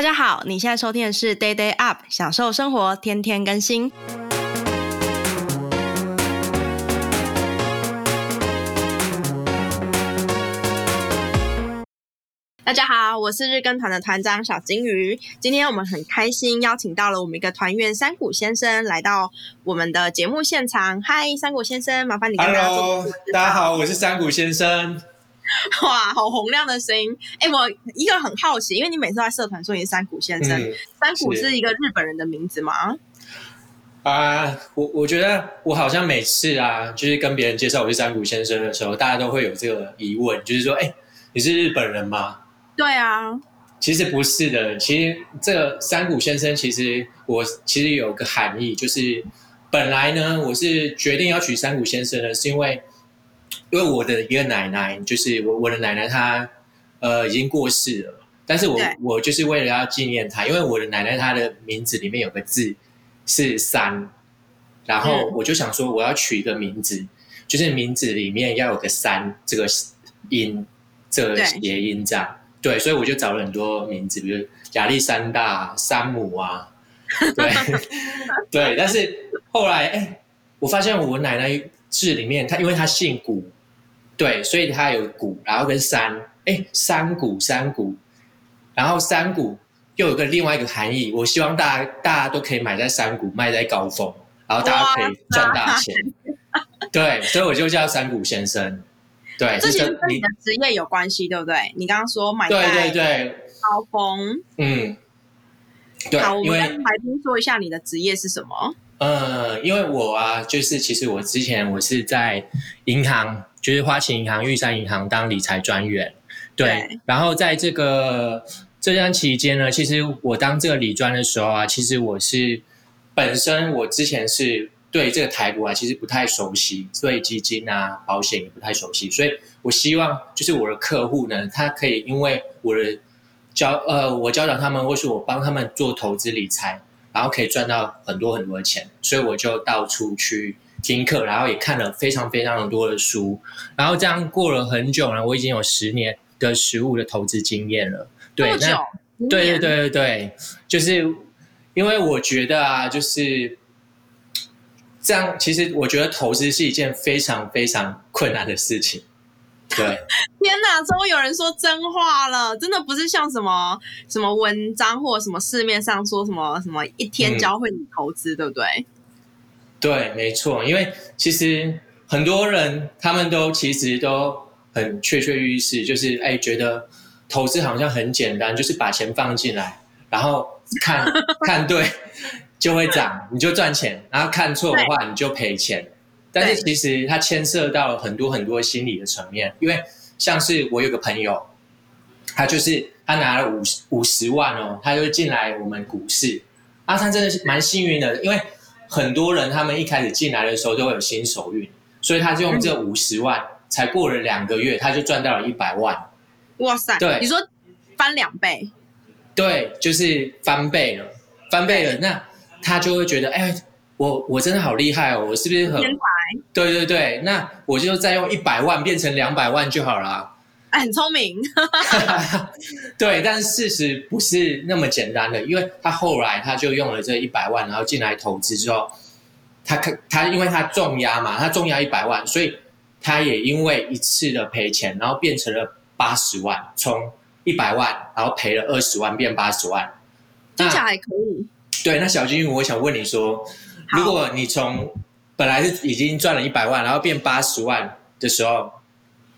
大家好，你現在收聽的是 Day Day Up，享受生活，天天更新。大家好，我是日更團的團長小金魚。今天我們很開心邀請到了我們一個團員山谷先生來到我們的節目現場。嗨，山谷先生，麻煩你。Hello，大家好，我是山谷先生。哇，好洪亮的聲音！哎，我一個很好奇，因為你每次在社團說你是山谷先生，山谷，嗯，是。山谷是一個日本人的名字嗎？啊、呃，我我覺得我好像每次啊，就是跟別人介紹我是山谷先生的時候，大家都會有這個疑問，就是說，哎，你是日本人嗎？對啊，其實不是的，其實這個山谷先生，其實我其實有個含義，就是本來呢，我是決定要娶山谷先生的，是因為。因為我的一個奶奶，就是我我的奶奶她，她呃已經過世了，但是我我就是為了要紀念她，因為我的奶奶她的名字裡面有個字是山，然後我就想說我要取一個名字，嗯、就是名字裡面要有個山這個音，這個諧音這樣，對，對，所以我就找了很多名字，比如亞歷山大、山姆啊，對 對，但是後來哎、欸，我發現我奶奶字裡面，她因為她姓谷。對，所以它有谷，然後跟山，哎，山谷，山谷，然後山谷又有一個另外一個含義。我希望大家大家都可以買在山谷，賣在高峰，然後大家可以賺大錢。啊、對， 所以我就叫山谷先生。對，這跟你的職業有關係，對不對？你剛剛說買在對對對高峰，嗯，對。好，我們跟來賓說一下你的職業是什麼？呃，因為我啊，就是其實我之前我是在銀行。就是花旗銀行、玉山銀行當理財專員，對。對，然後在這個這段期間呢，其實我當這個理專的時候啊，其實我是本身我之前是對這個台股啊，其實不太熟悉，對基金啊、保險也不太熟悉，所以我希望就是我的客戶呢，他可以因為我的教呃，我教導他們，或是我幫他們做投資理財，然後可以賺到很多很多的錢，所以我就到處去。聽課，然後也看了非常非常的多的書，然後這樣過了很久，然後我已經有十年的實務的投資經驗了。多久？對，對對對對對，就是因為我覺得啊，就是這樣。其實我覺得投資是一件非常非常困難的事情。對。 天哪，終於有人說真話了！真的不是像什麼什麼文章或什麼市面上說什麼什麼一天教會你投資，嗯、對不對？對，沒錯，因為其實很多人他們都其實都很躍躍欲試，就是哎，覺得投資好像很簡單，就是把錢放進來，然後看 看對就會漲，你就賺錢；然後看錯的話你就賠錢。但是其實它牽涉到了很多很多心理的層面，因為像是我有個朋友，他就是他拿了五五十萬哦，他就進來我們股市。啊、他真的是蠻幸運的，因為。很多人他們一開始進來的時候都會有新手運，所以他就用這五十萬，嗯，才過了兩個月，他就賺到了一百萬。哇塞！對，你說翻兩倍？對，就是翻倍了，翻倍了。那他就會覺得，哎、欸，我我真的好厲害哦，我是不是很？連環？對對對，那我就再用一百萬變成兩百萬就好了。哎，很聰明 ，對，但事實不是那麼簡單的，因為他後來他就用了這一百萬，然後進來投資之後，他可他因為他重壓嘛，他重壓一百萬，所以他也因為一次的賠錢，然後變成了八十萬，從一百萬然後賠了二十萬變八十萬，聽起來還可以。對，那小金魚，我想問你說，如果你從本來是已經賺了一百萬，然後變八十萬的時候。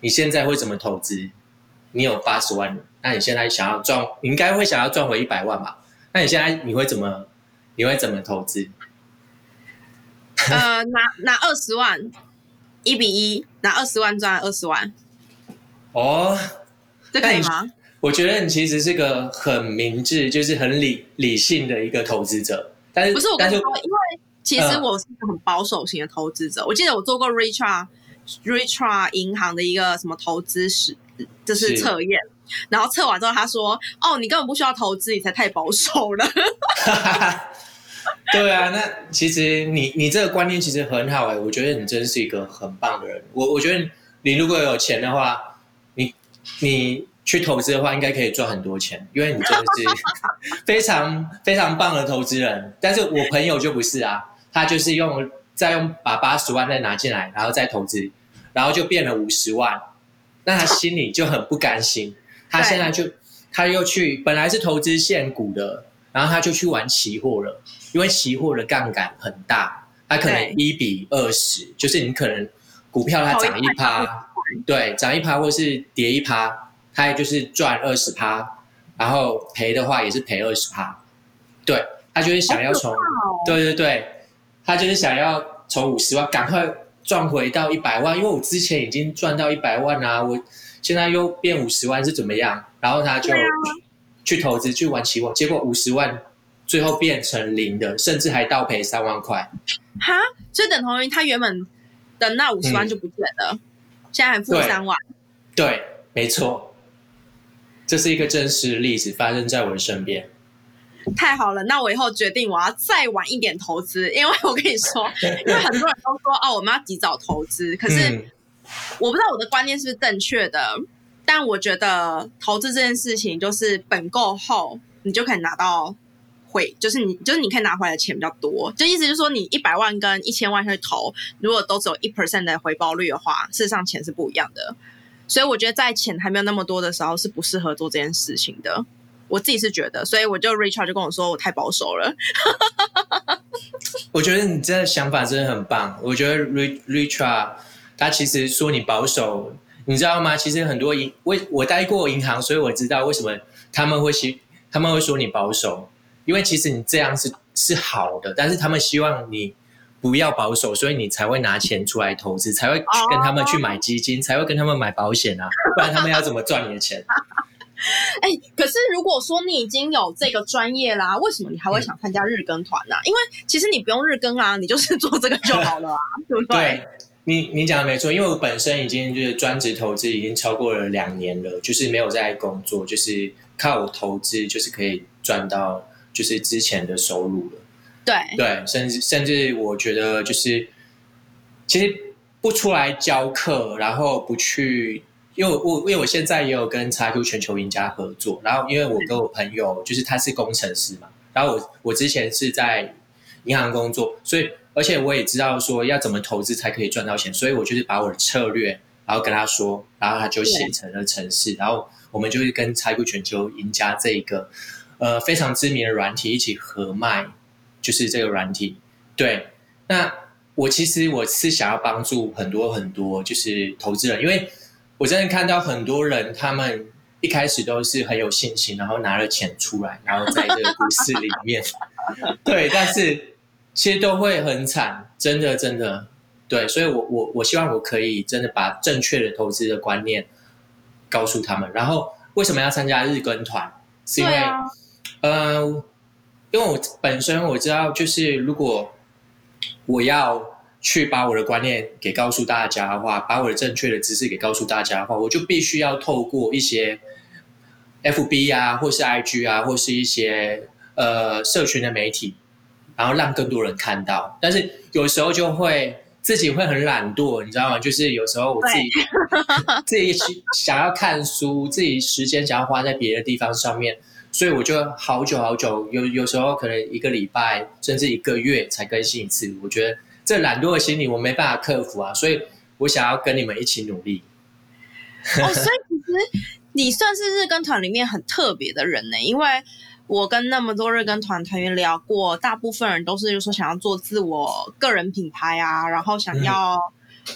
你現在會怎麼投資？你有八十萬，那你現在想要賺，你應該會想要賺回一百萬吧？那你現在你會怎麼，你會怎麼投資？呃，拿拿二十萬，一比一，拿二十萬賺二十萬。哦，這可以嗎？我覺得你其實是個很明智，就是很理理性的一個投資者。但是不是我跟你說，因為其實我是一個很保守型的投資者。呃，我記得我做過 Richard Richard 銀行的一個什麼投資試，就是測驗是，然後測完之後他說，哦，你根本不需要投資，你才太保守了。 對啊，那其實你你這個觀念其實很好哎、欸，我覺得你真是一個很棒的人。我我覺得你如果有錢的話，你你去投資的話，應該可以賺很多錢，因為你真的是非常 非常棒的投資人。但是我朋友就不是啊，他就是用再用把八十萬再拿進來，然後再投資。然後就變了五十萬，那他心裡就很不甘心。他現在就他又去，本來是投資現股的，然後他就去玩期貨了。因為期貨的槓桿很大，他可能一比二十，就是你可能股票它漲一趴，對，漲一趴或是跌一趴，他也就是賺二十趴，然後賠的話也是賠二十趴。對他就是想要從，oh, wow. 對對對，他就是想要從五十萬趕快。賺回到一百萬，因為我之前已經賺到一百萬啊，我現在又變五十萬是怎麼樣？然後他就去投資、啊、去玩期貨，結果五十萬最後變成零的，甚至還倒賠三萬塊。哈，這等同於他原本等那五十萬就不見了、嗯，現在還負三萬對。對，沒錯，這是一個真實的例子，發生在我的身邊。太好了，那我以後決定我要再晚一點投資，因為我跟你說，因為很多人都說 哦，我們要及早投資，可是我不知道我的觀念是不是正確的，嗯。但我覺得投資這件事情，就是本夠厚，你就可以拿到回，就是你就是你可以拿回來的錢比較多。就意思就是說，你一百萬跟一千萬去投，如果都只有一 percent 的回報率的話，事實上錢是不一樣的。所以我覺得在錢還沒有那麼多的時候，是不適合做這件事情的。我自己是覺得，所以我就 Richard 就跟我說我太保守了。 我覺得你這個想法真的很棒。我覺得 Richard 他其實說你保守，你知道嗎？其實很多銀行，我我待過銀行，所以我知道為什麼他們會希他們會說你保守，因為其實你這樣是是好的，但是他們希望你不要保守，所以你才會拿錢出來投資，才會跟他們去買基金，oh. 才會跟他們買保險啊，不然他們要怎麼賺你的錢？ 欸、可是如果說你已經有這個專業啦、啊，為什麼你還會想參加日更團呢、啊嗯？因為其實你不用日更啊，你就是做這個就好了啊，呵呵對，對，對，你你講的沒錯，因為我本身已經就是專職投資，已經超過了兩年了，就是沒有在工作，就是靠我投資就是可以賺到就是之前的收入了。對對，甚至甚至我覺得就是其實不出來教課，然後不去。因為我因為我現在也有跟 XQ 全球贏家合作，然後因為我跟我朋友就是他是工程師嘛，然後我我之前是在銀行工作，所以而且我也知道說要怎麼投資才可以賺到錢，所以我就是把我的策略然後跟他說，然後他就寫成了程式。然後我們就會跟 XQ 全球贏家這一個呃非常知名的軟體一起合賣，就是這個軟體。對，那我其實我是想要幫助很多很多就是投資人，因為。我真的看到很多人，他們一開始都是很有信心，然後拿了錢出來，然後在這個股市裡面， 對，但是其實都會很慘，真的，真的，對，所以我，我我我希望我可以真的把正確的投資的觀念告訴他們。然後，為什麼要參加日更團？是因為，嗯、啊呃，因為我本身我知道，就是如果我要。去把我的觀念給告訴大家的話，把我的正確的知識給告訴大家的話，我就必須要透過一些 FB 啊，或是 IG 啊，或是一些呃社群的媒體，然後讓更多人看到。但是有時候就會自己會很懶惰，你知道嗎？就是有時候我自己 自己去想要看書，自己時間想要花在別的地方上面，所以我就好久好久，有有時候可能一個禮拜甚至一個月才更新一次。我覺得。.這懶惰的心理我沒辦法克服啊，所以我想要跟你們一起努力。 哦，所以其實你算是日更團裡面很特別的人呢，因為我跟那麼多日更團，團團員聊過，大部分人都是就是說想要做自我個人品牌啊，然後想要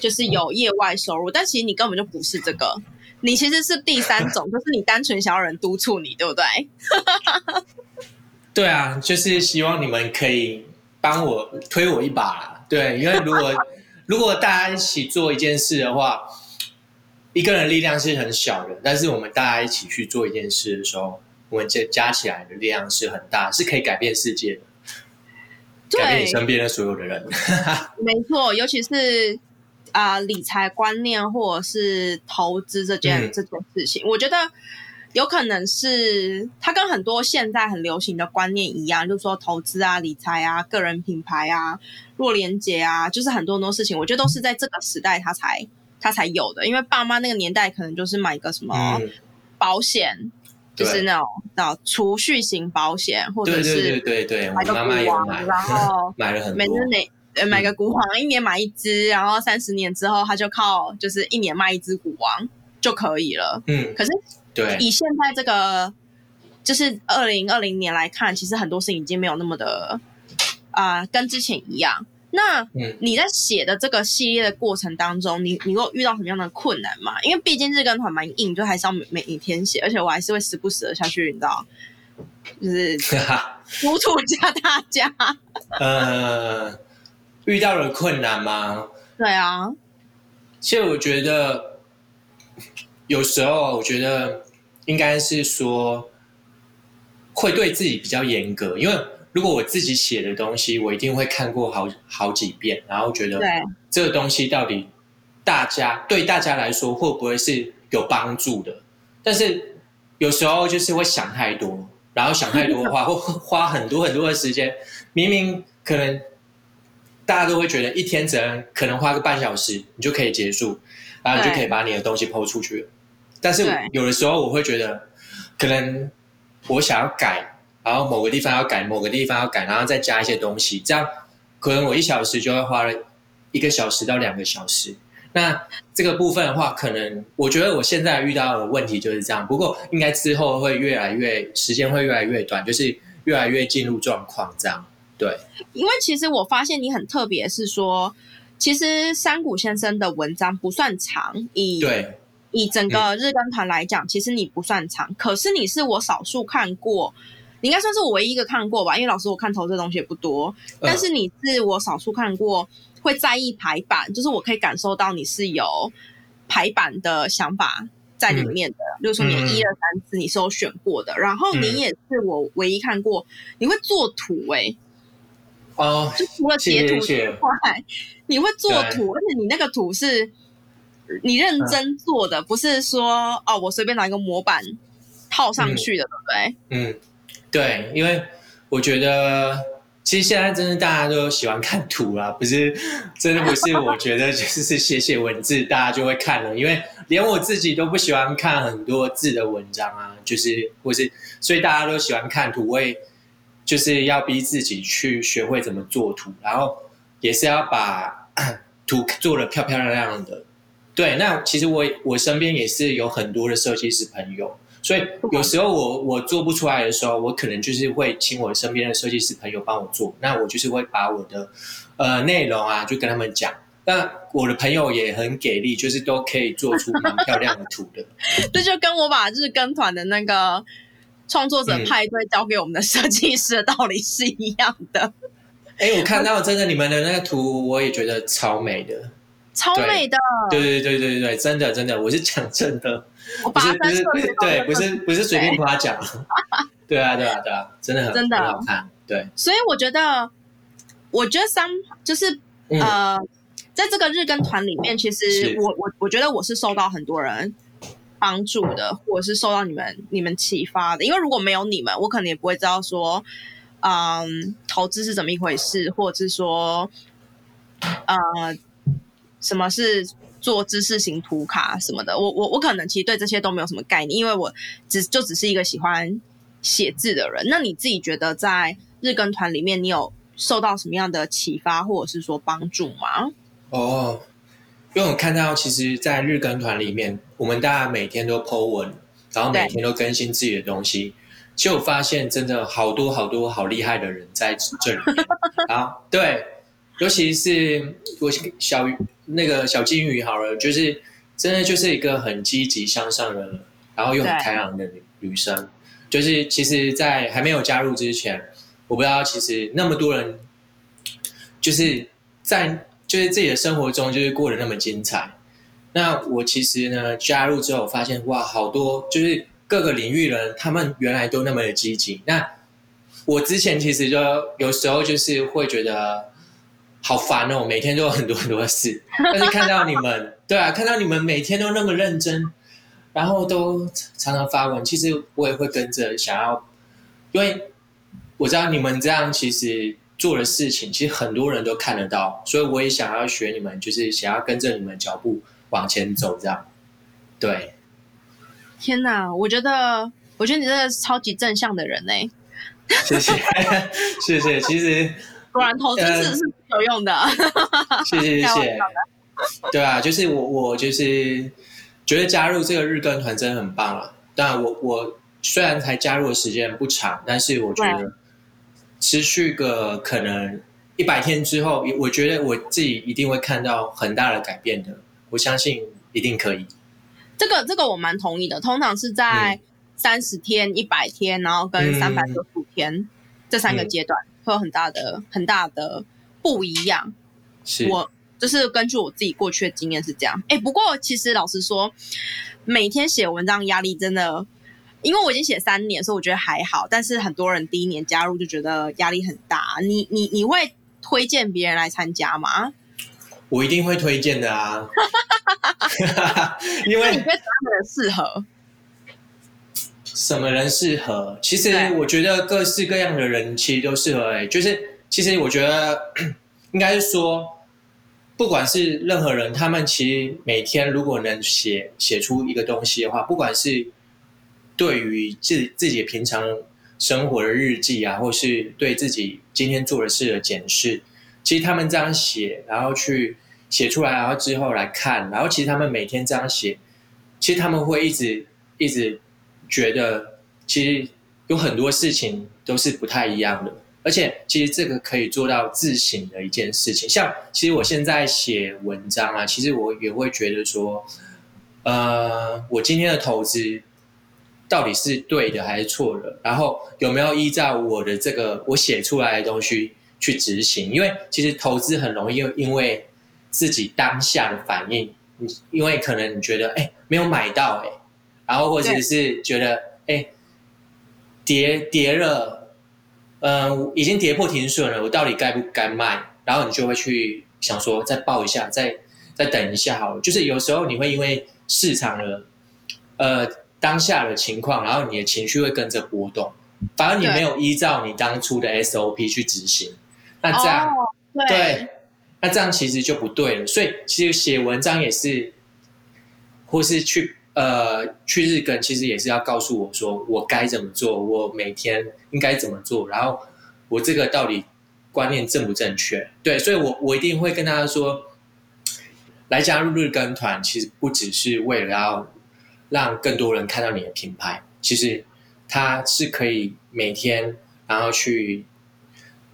就是有業外收入，嗯、但其實你根本就不是這個，你其實是第三種， 就是你單純想要人督促你，對不對？ 對啊，就是希望你們可以幫我推我一把。 對，因為如果如果大家一起做一件事的話，一個人力量是很小的，但是我們大家一起去做一件事的時候，我們這加起來的力量是很大，是可以改變世界的，改變你身邊的所有的人。 沒錯，尤其是啊、呃，理財觀念或者是投資這件、嗯、這種事情，我覺得。有可能是他跟很多現在很流行的觀念一樣，就是說投資啊、理財啊、個人品牌啊、弱連結啊，就是很多很多事情，我覺得都是在這個時代他才他才有的。因為爸媽那個年代可能就是買個什麼、嗯、保險，就是那種儲、啊、蓄型保險，或者是對對買個股王，對對對對對，我們媽媽也有買，然後 買了很多，每每呃買個股王、嗯，一年買一隻，然後三十年之後他就靠就是一年賣一隻股王就可以了。嗯，可是。對，以現在這個，就是二零二零年來看，其實很多事情已經沒有那麼的，啊、呃，跟之前一樣。那你在寫的這個系列的過程當中，你你有遇到什麼樣的困難嗎？因為畢竟日更團蠻硬，就還是要每，每一天寫，而且我還是會時不時的下去，你知道，就是塗 土加家大家 呃，遇到了困難嗎？對啊，其實我覺得。有時候我覺得應該是說，會對自己比較嚴格，因為如果我自己寫的東西，我一定會看過好好幾遍，然後覺得這個東西到底大家對大家來說會不會是有幫助的？但是有時候就是會想太多，然後想太多的話會花很多很多的時間。明明可能大家都會覺得一天只能可能花個半小時，你就可以結束，然後你就可以把你的東西 po 出去。但是有的時候我會覺得，可能我想要改，然後某個地方要改，某個地方要改，然後再加一些東西，這樣可能我一小時就會花了一個小時到兩個小時。那這個部分的話，可能我覺得我現在遇到的問題就是這樣。不過應該之後會越來越，時間會越來越短，就是越來越進入狀況這樣。對，因為其實我發現你很特別，是說其實山谷先生的文章不算長，以對。以整個日更團來講，嗯，其實你不算長，可是你是我少數看過，你應該算是我唯一一個看過吧。因為老師我看投資的東西也不多，呃，但是你是我少數看過會在意排版，就是我可以感受到你是有排版的想法在裡面的。嗯，比如說你一二三四你是有選過的，嗯，然後你也是我唯一看過你會做圖哎，哦，就除了截圖之外，你會做、欸嗯、圖血了血了會做，而且你那個圖是。你認真做的，嗯、不是說哦，我隨便拿一個模板，套上去的、嗯，對不對？嗯，對，因為我覺得，其實現在真的大家都喜歡看圖啊，不是真的不是，我覺得就是寫寫文字大家就會看了， 因為連我自己都不喜歡看很多字的文章啊，就是或是，所以大家都喜歡看圖，我也就是要逼自己去學會怎麼做圖，然後也是要把圖做的漂漂亮亮的。對，那其實我我身邊也是有很多的設計師朋友，所以有時候我我做不出來的時候，我可能就是會請我身邊的設計師朋友幫我做。那我就是會把我的呃內容啊，就跟他們講。那我的朋友也很給力，就是都可以做出蠻漂亮的圖的。這 就跟我把日更團的那個創作者派對交給我們的設計師的道理是一樣的。哎、嗯欸，我看到真的你們的那個圖，我也覺得超美的。超美的對，對對對對對真的真的，我是講真的，我是不是，不是對，對，不是不是，不是隨便誇獎、 啊，對啊對啊對啊，真的很真的很好看，對，所以我覺得，我覺得三就是、嗯、呃，在這個日更團裡面，其實我我我覺得我是受到很多人幫助的，或者是受到你們你們啟發的，因為如果沒有你們，我可能也不會知道說，嗯，投資是怎麼一回事，或者是說，呃什麼是做知識型圖卡什麼的？我我我可能其實對這些都沒有什麼概念，因為我只就只是一個喜歡寫字的人。那你自己覺得在日更團裡面，你有受到什麼樣的啟發或者是說幫助嗎？哦，因為我看到，其實，在日更團裡面，我們大家每天都 po 文，然後每天都更新自己的東西，就發現真的好多好多好厲害的人在這裡啊， 對。尤其是我小那個小金魚，好了，就是真的就是一個很積極向上的，然後又很開朗的女女生。就是其實，在還沒有加入之前，我不知道其實那麼多人，就是在就是自己的生活中，就是過得那麼精彩。那我其實呢，加入之後我發現，哇，好多就是各個領域人，他們原來都那麼的積極。那我之前其實就有時候就是會覺得。好煩哦，每天都有很多很多事，但是看到你們， 對啊，看到你們每天都那麼認真，然後都常常發文，其實我也會跟着想要，因為我知道你們這樣其實做的事情，其實很多人都看得到，所以我也想要學你們，就是想要跟着你們腳步往前走，這樣，對。天哪，我覺得，我覺得你是超級正向的人嘞！謝 謝，謝謝，其實。果然投資是是有用的。嗯， 謝謝謝，謝，對啊，就是我我就是覺得加入這個日更團真的很棒了啊。但我我雖然才加入的時間不長，但是我覺得持續個可能一百天之後，我覺得我自己一定會看到很大的改變的。我相信一定可以。這個這個我蠻同意的，通常是在三十天，一百天，然後跟三百六十五天，嗯、這三個階段。嗯會有很大的很大的不一樣，是我就是根據我自己過去的經驗是這樣。哎，不過其實老實說，每天寫文章壓力真的，因為我已經寫三年，所以我覺得還好。但是很多人第一年加入就覺得壓力很大。你你你會推薦別人來參加嗎？我一定會推薦的啊， 因為你覺得他們適合。什麼人適合？其實我覺得各式各樣的人其實都適合欸，哎，就是其實我覺得應該是說，不管是任何人，他們其實每天如果能寫寫出一個東西的話，不管是對於自自己平常生活的日記啊，或是對自己今天做的事的檢視，其實他們這樣寫，然後去寫出來，然後之後來看，然後其實他們每天這樣寫，其實他們會一直一直。覺得其實有很多事情都是不太一樣的，而且其實這個可以做到自省的一件事情。像其實我現在寫文章啊，其實我也會覺得說，呃，我今天的投資到底是對的還是錯的，然後有沒有依照我的這個我寫出來的東西去執行？因為其實投資很容易因為自己當下的反應，你因為可能你覺得，欸，沒有買到欸。然後或者是覺得，哎、欸，跌，跌了，嗯、呃，已經跌破停損了，我到底該不該賣？然後你就會去想說，再抱一下，再再等一下好了。就是有時候你會因為市場的呃當下的情況，然後你的情緒會跟着波動，反而你沒有依照你當初的 SOP 去執行。那這樣、oh, 對，對，那這樣其實就不對了。所以其實寫文章也是，或是去。呃，去日更其實也是要告訴我說，我該怎麼做，我每天應該怎麼做，然後我這個到底觀念正不正確？對，所以我我一定會跟大家說，來加入日更團，其實不只是為了要讓更多人看到你的品牌，其實他是可以每天然後去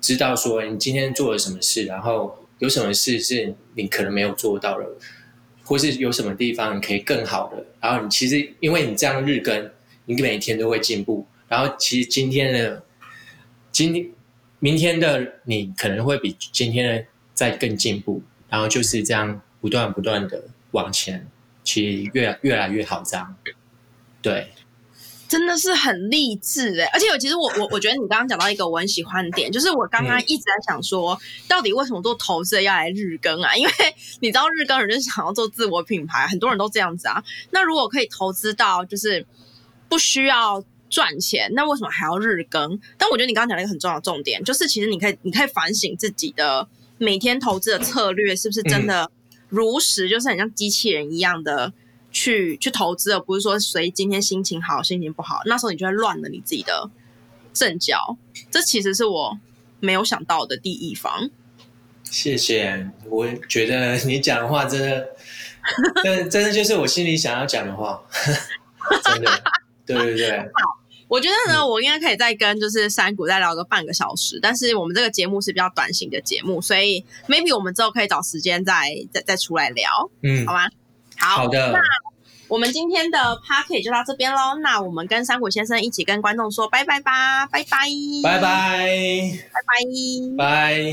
知道說你今天做了什麼事，然後有什麼事是你可能沒有做到的。或是有什麼地方你可以更好的？然後你其實因為你這樣日更，你每一天都會進步。然後其實今天的、今天、明天的你可能會比今天的再更進步。然後就是這樣不斷不斷的往前，其實越越來越好這樣。對。真的是很勵志哎、欸！而且我其實我我我覺得你剛剛講到一個我很喜歡的點，就是我剛剛一直在想說，到底為什麼做投資的要來日更啊？因為你知道日更人是想要做自我品牌，很多人都這樣子啊。那如果可以投資到就是不需要賺錢，那為什麼還要日更？但我覺得你剛剛講了一個很重要的重點，就是其實你可以你可以反省自己的每天投資的策略是不是真的如實，就是很像機器人一樣的。去去投資的，不是說誰今天心情好，心情不好，那時候你就會亂了你自己的陣腳。這其實是我沒有想到的第一方。謝謝，我覺得你講的話真的，真 真的就是我心裡想要講的話。 真的 對對對，好，我覺得呢，嗯、我應該可以再跟就是山谷再聊個半個小時，但是我們這個節目是比較短型的節目，所以 maybe 我們之後可以找時間再再再出來聊，嗯，好嗎？好，好的，那我們今天的 party 就到這邊嘍。那我們跟山谷先生一起跟觀眾說拜拜吧，拜拜，拜拜，拜拜，拜。Bye.